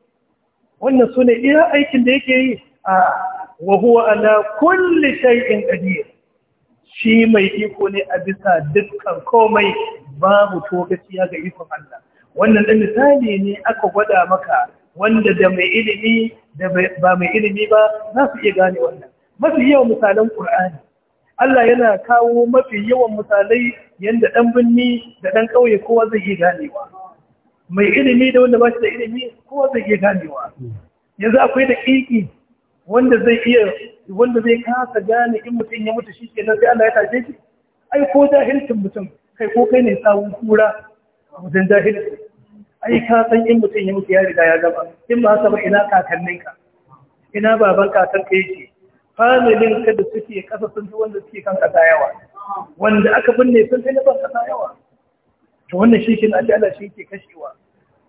wannan sune iya aikin da yake yi a wa huwa ala kulli shay'in qadir shi mai iko ne a bisa dukkan komai babu to gaskiya ga ikon Allah wannan 'dan misali ne aka gwada maka wanda da mai ilimi da ba mai ilimi ba za su iya gane wannan mafi yawan misalan Qur'ani Allah yana kawo mafi yawan misalai yanda dan binni da dan kauye kowa zai iya ganewa mai ilimi da wanda ba shi da ilimi kowa zai iya ganewa yanzu akwai da kiki wanda zai iya wanda zai kasa gane in mutum ya mutu shikenan sai Allah ya tashe shi ai ko jahilcin mutum kai ko kai ne sawu kura a wajen jahilci ai ka san in mutum ya mutu ya riga ya gaba in ba haka ba ina kakanninka ina baban kakan ka yake familin ka da suke kasa sun fi wanda suke kan kasa yawa wanda aka binne sun fi na ban kasa yawa to wannan shi kin Allah shi ke kashewa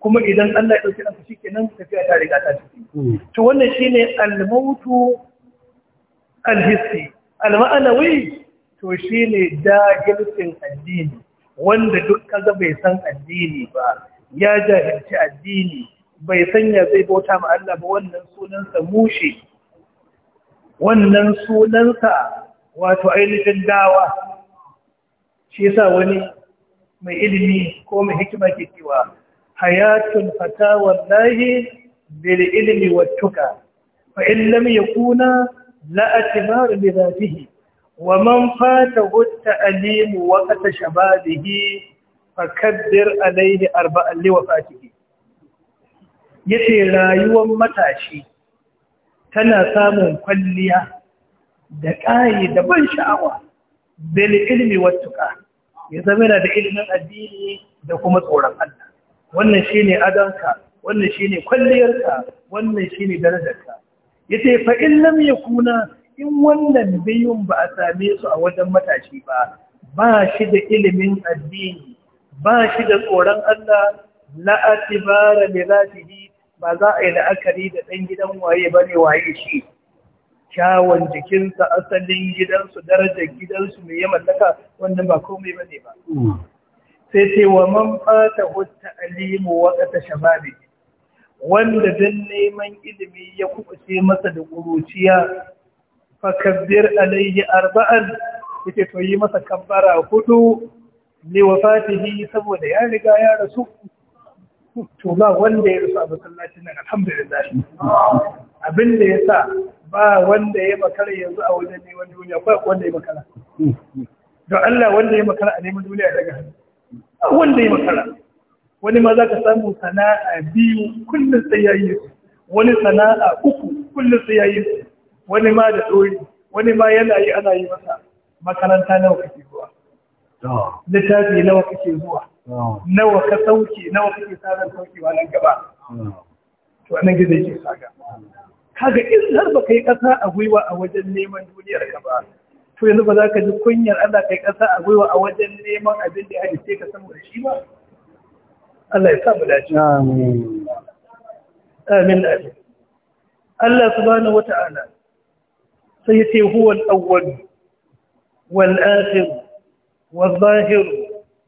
kuma idan Allah ya ɗauki ranka shi kenan tafiya ta riga ta ciki. to wannan shine ne almautu al-hissi to shi to shine dagilcin addini wanda duk kaza bai san addini ba ya jahilci addini bai sanya zai bauta ma Allah ba wannan sunansa mushe wannan sunansa wato ainihin dawa shi yasa wani mai ilimi ko mai hikima ke cewa hayatun fata wallahi bil ilmi wattuka fa in lam yakuna la atibar bi dhatihi wa man fatahu at-ta'lim waqta shababihi fakabbir alayhi arba'an li wafatihi yace rayuwar matashi tana samun kwalliya da ƙayi da ban sha'awa bil ilmi wattuka ya zama da ilimin addini da kuma tsoron Allah wannan ne adanka wannan ne kwalliyarka wannan ne darajarka Ya fa in lam kuna in wannan biyun ba a same su a wajen matashi ba ba shi da ilimin addini ba shi da tsoron Allah la atibara li yi ba za a yi la'akari da ɗan gidan waye ba ne waye shi kyawun jikinsa asalin gidansu darajar gidansu mai ya mallaka wannan ba komai ba ne ba hmm. sai ce wa man fata hutta alimu waƙata shababi wanda don neman ilimi ya kubuce masa da ƙuruciya fakabbir alayhi arba'an yace to yi masa kabbara hudu li wafatihi saboda ya riga ya rasu to ba wanda ya rasu a masallacin nan alhamdulillah abin da ya sa ba wanda ya makara yanzu a wajen neman duniya ko wanda ya makara don Allah wanda ya makara a neman duniya daga hannu wanda ya makara wani ma za ka samu sana'a biyu kullum sai ya yi su wani sana'a uku kullum sai ya yi su wani ma da ɗori wani ma yana yi ana yi masa makaranta nawa kake zuwa littafi nawa kake zuwa nawa ka sauke nawa kake sanar saukewa nan gaba to anan gida yake saga kaga in har baka yi ƙasa a gwiwa a wajen neman duniyar ka ba to yanzu ba za ka ji kunyar Allah kai ƙasa a gwiwa a wajen neman abin da ya halice ka saboda shi ba Allah ya sa mu dace amin amin Allah subhanahu wata'ala sai ya ce huwa al-awwal wal akhir wal zahir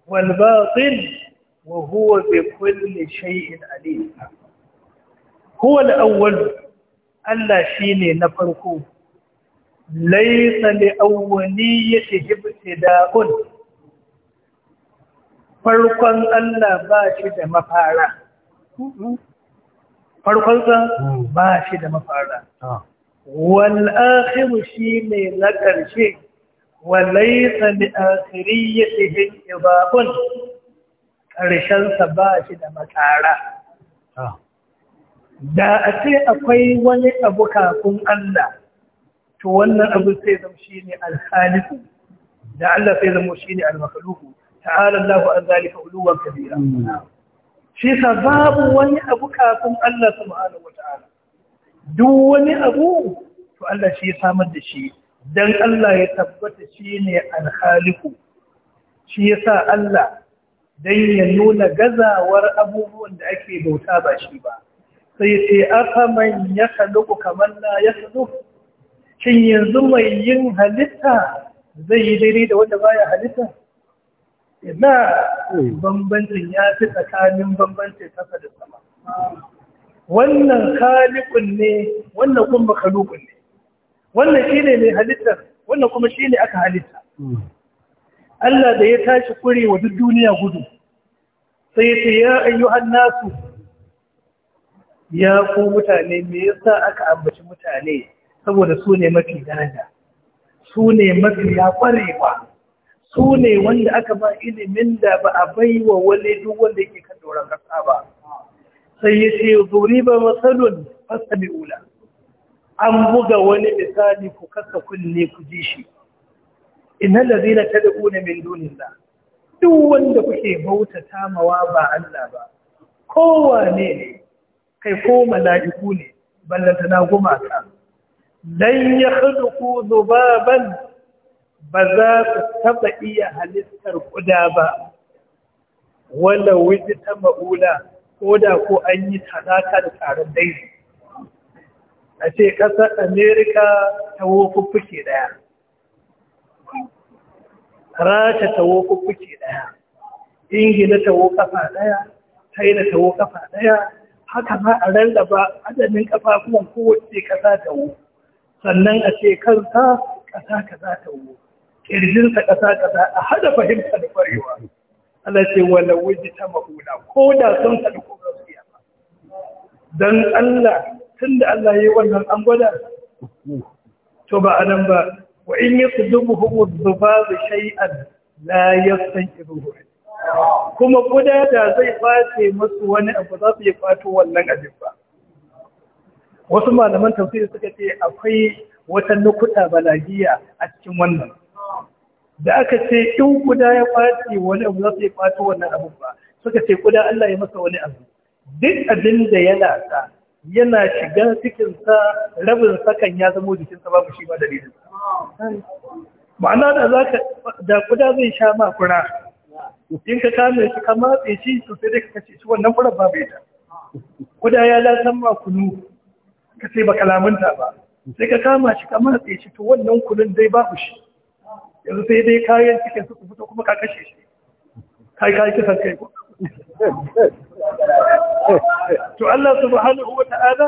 wal batin wa huwa bi kulli shay'in alim huwa al-awwal Allah shine na farko laisa li awwaliyatihi ibtida'un farkon Allah ba shi da mafara farkon sa ba shi da mafara wal akhiru shine na karshe wa laisa li akhiriyatihi ibadun karshen sa ba shi da matsara da a ce akwai wani abu kafin Allah to wannan abin sai zama shi ne alhaliku da Allah sai zama shi ne almakaluku ta'ala Allah an zalika uluwan kabira shi sa babu wani abu kafin Allah subhanahu ta'ala. duk wani abu to Allah shi ya samar da shi dan Allah ya tabbata shi ne alhaliku shi yasa Allah dan ya nuna gazawar abubuwan da ake bauta ba shi ba sai sai aka man ya kaluku kamar na ya kaluku shin yanzu mai yin halitta zai yi daidai da wanda baya halitta na bambancin ya fi tsakanin bambancin kasa da sama wannan kalikun ne wannan kuma kalukun ne wannan shine mai halittar wannan kuma shine aka halitta Allah da ya tashi kure wa duk duniya gudu sai ya ce ya ayyuhan nasu ya ku mutane me yasa aka ambaci mutane saboda su ne mafi daraja su ne mafi ya kwarewa su ne wanda aka ba ilimin da ba a bai wa wale duk wanda yake kan doron kasa ba sai ya ce zuri ba matsalon fasa ula an buga wani misali ku kasa kunne ku ji shi inna lazina tad'una min dunillah duk wanda kuke bauta tamawa ba Allah ba Kowa ne kai ko mala'iku ne ballanta na gumata. lan yakhluqu dhubaban ba za ku taba iya halittar kuda ba wala wuji ta ma'ula ko da ko an yi talaka da taron daidai a ce ƙasar amerika ta wofuffuke ɗaya rasha ta wofuffuke ɗaya ingila ta wo kafa ɗaya china ta wo kafa ɗaya haka ma a rarraba adadin kafafuwan kowace ƙasa ta wo sannan a ce kansa ƙasa ka za ta wu ƙirjinsa ƙasa ƙasa a hada fahimta da ƙwarewa Allah ce Wani wuji ta mahula ko da sun faɗi ko ba su ba don Allah tun da Allah ya yi wannan an gwada to ba a nan ba wa in yi su dubu hukumar zuba da shai'an na ya san irin kuma guda da zai face masu wani abu za su yi fato wannan abin ba wasu malaman tafsiri suka ce akwai wata nukuta balagiya a cikin wannan da aka ce in kuda ya faci wani abu za su yi faci wannan abu ba suka ce kuda Allah ya masa wani abu duk abin da ya lasa yana shiga sa rabin sakan ya zama sa babu shi ba dalilin ma'ana da zaka da kuda zai sha ma kura in ka kame shi ka matse shi to sai dai ka kace shi wannan ba babu da. kuda ya lasan ma kunu ka ce ba lamunta ba sai ka kama shi ka matse shi to wannan kulun dai babu shi yanzu sai dai kayan cikin su fito kuma ka kashe shi kai kai kisan kai to Allah subhanahu wa ta'ala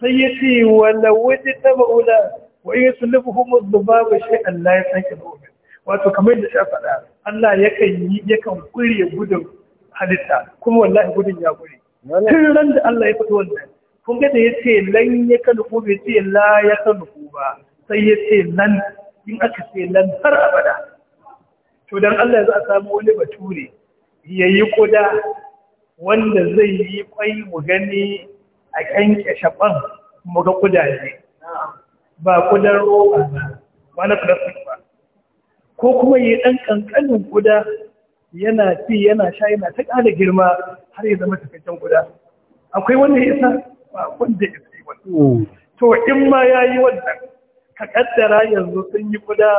sai ya ce wala wajid tabula wa in yusallifuhum humu zuba ba Allah ya sake da wato kamar da sha faɗa Allah yakan yi yakan kure gudun halitta kuma wallahi gudun ya kure tun ran da Allah ya fito wannan kun ga da ya ce lan ya kan ku bai ce la ya kan ku ba sai ya ce lan in aka ce lan har abada to dan Allah ya za a samu wani bature yayi kuda wanda zai yi kwai mu gani a kyanke shaban mu ga kudaje ba kudan roba ba na plastic ba ko kuma yi dan kankanin kuda yana ci yana sha yana ta ƙara girma har ya zama tafiyan kuda akwai wanda ya isa wanda ya sai wannan hmm. to in ma yayi wannan ka kaddara yanzu sun yi kuda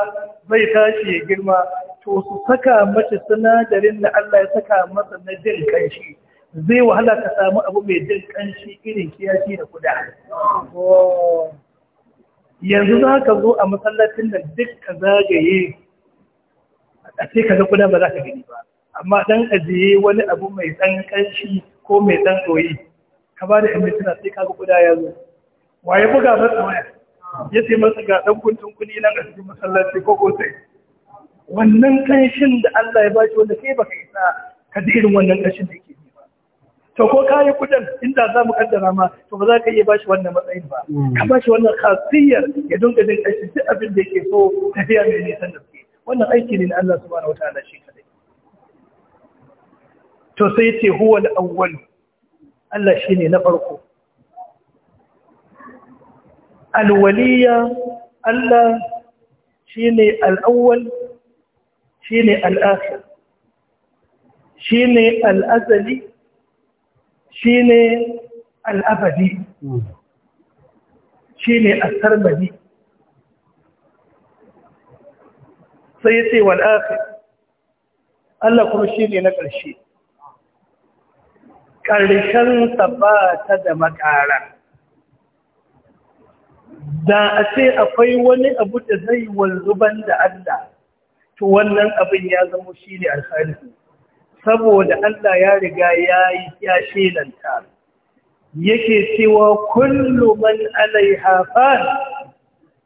zai tashi ya girma to su saka mace sinadarin da Allah ya saka masa na jin kanshi zai wahala ka samu abu mai jin kanshi irin kiyashi da kuda yanzu za ka zo a masallacin da duk ka zagaye a ce ka ga kuda ba za ka gani ba amma ɗan ajiye wani abu mai dan kanshi ko mai dan ɗoyi. ka ba da yan mintuna sai kaga guda ya zo waye buga masa waya ya ce masa ga dan kuntun kuni nan a cikin masallaci ko sai wannan kanshin da Allah ya ba shi wanda kai baka isa ka ji irin wannan kanshin da yake ba to ko kai kudin inda za mu kaddara ma to ba za ka iya ba shi wannan matsayin ba mm. ka ba shi wannan khasiyar ya dinga jin kanshin duk abin da yake so tafiya mai nisan da suke wannan aiki ne na Allah subhanahu wataala shi kadai to sai ce huwa al-awwal Allah shi ne na farko alwaliya Allah shi ne al'awwal shi ne al'asir shi ne al'azali shi ne al'abadi shi ne asarmadi sai ce wal'afi Allah kuma shi ne na ƙarshe ƙarshensa ba ta da makara da a ce akwai wani abu da zai wanzu da Allah to wannan abin ya zama shi ne alhalifu saboda Allah ya riga ya yi ya shelanta yake cewa kullu man alaiha fan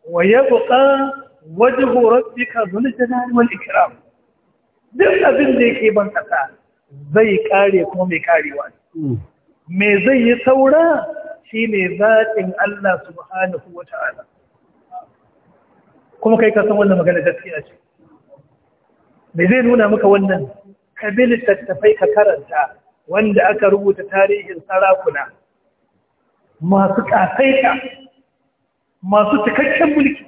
wa yabqa wajhu rabbika dhul jalali wal ikram duk abin da yake ban kasa zai kare kuma mai karewa ne me zai yi saura shi ne zaƙin Allah subhanahu wa ta'ala kuma kai kasan wannan magana gaskiya ce me zai nuna maka wannan kabilin tattafai ka karanta wanda aka rubuta tarihin sarakuna masu ƙasaita masu cikakken mulki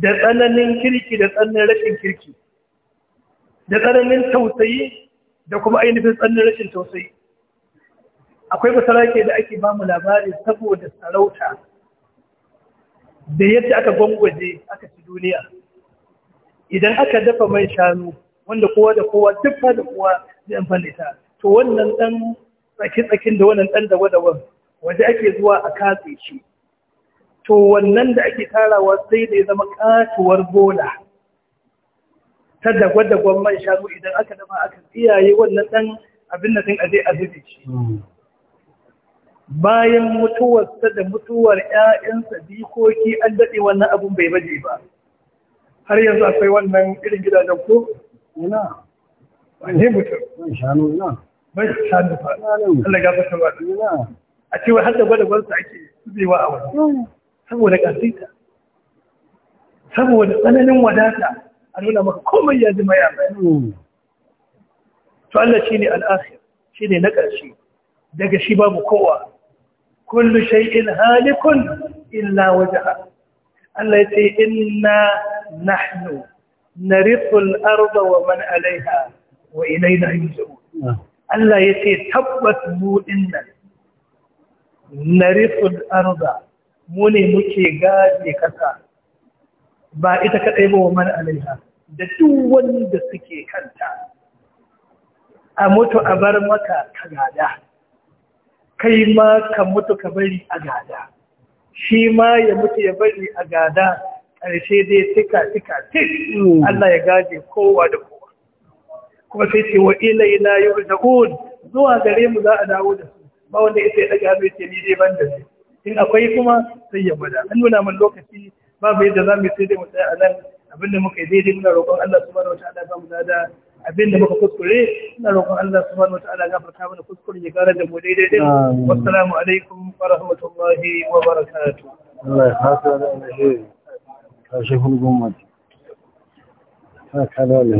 da tsananin kirki da tsananin rashin kirki da tsananin tausayi da kuma ainihin tsanin rashin tausayi akwai basarake da ake ba mu labari saboda sarauta da yadda aka gwangwaje aka ci duniya idan aka dafa mai shanu wanda kowa da kowa duk da kowa zai amfani ta to wannan ɗan tsakin tsakin da wannan ɗan dawa dawa waje ake zuwa a katse shi to wannan da ake tarawa sai da ya zama katuwar bola ta dagwa-dagwan man shanu idan aka dama aka tsiyaye wannan ɗan abin da sun aje a zube shi hmm. bayan mutuwarsa da mutuwar 'ya'yansa dikoki an daɗe wannan abin bai baje ba har yanzu akwai wannan irin gidajen ko? ina wane mutum? Man shanu ina ban shanu fa. Allah ga fata ba ina a cewa har da gwadagwarsa ake zubewa a wani hmm. saboda ƙasita saboda tsananin wadata a nuna maka komai ya zama ya bayan hmm. to Allah shi ne al'asir shi ne na ƙarshe daga shi babu kowa kullu in halikun illa wajha Allah ya ce inna nahnu narithul arda wa man alaiha wa ilayna yurja'un ah. Allah ya ce tabbas mu dinnan narithul arda mu ne muke gaje kasa ba ita kaɗai ba wa man alaiha da duk wanda suke kanta a mutu a bar maka ka gada kai ma ka mutu ka bari a gada shi ma ya mutu ya bari a gada ƙarshe dai tika tika tik hmm. Allah ya gaje kowa da kowa kuma sai ce wa wa yurja'un zuwa gare mu za a dawo da su ba wanda ita ya ɗaga mai ce ni dai ban da in akwai kuma sai ya bada an nuna min lokaci babu yadda za mu yi sai mu tsaya a nan abinda muka yi daidai muna roƙon Allah subhanahu wataala ba mu da abinda muka kuskure muna roƙon Allah subhanahu wataala gafarta mana kuskure ya gara da mu daidai din wassalamu alaikum wa rahmatullahi wa barakatuh Allah ya fata da alheri ka shi hulgun mata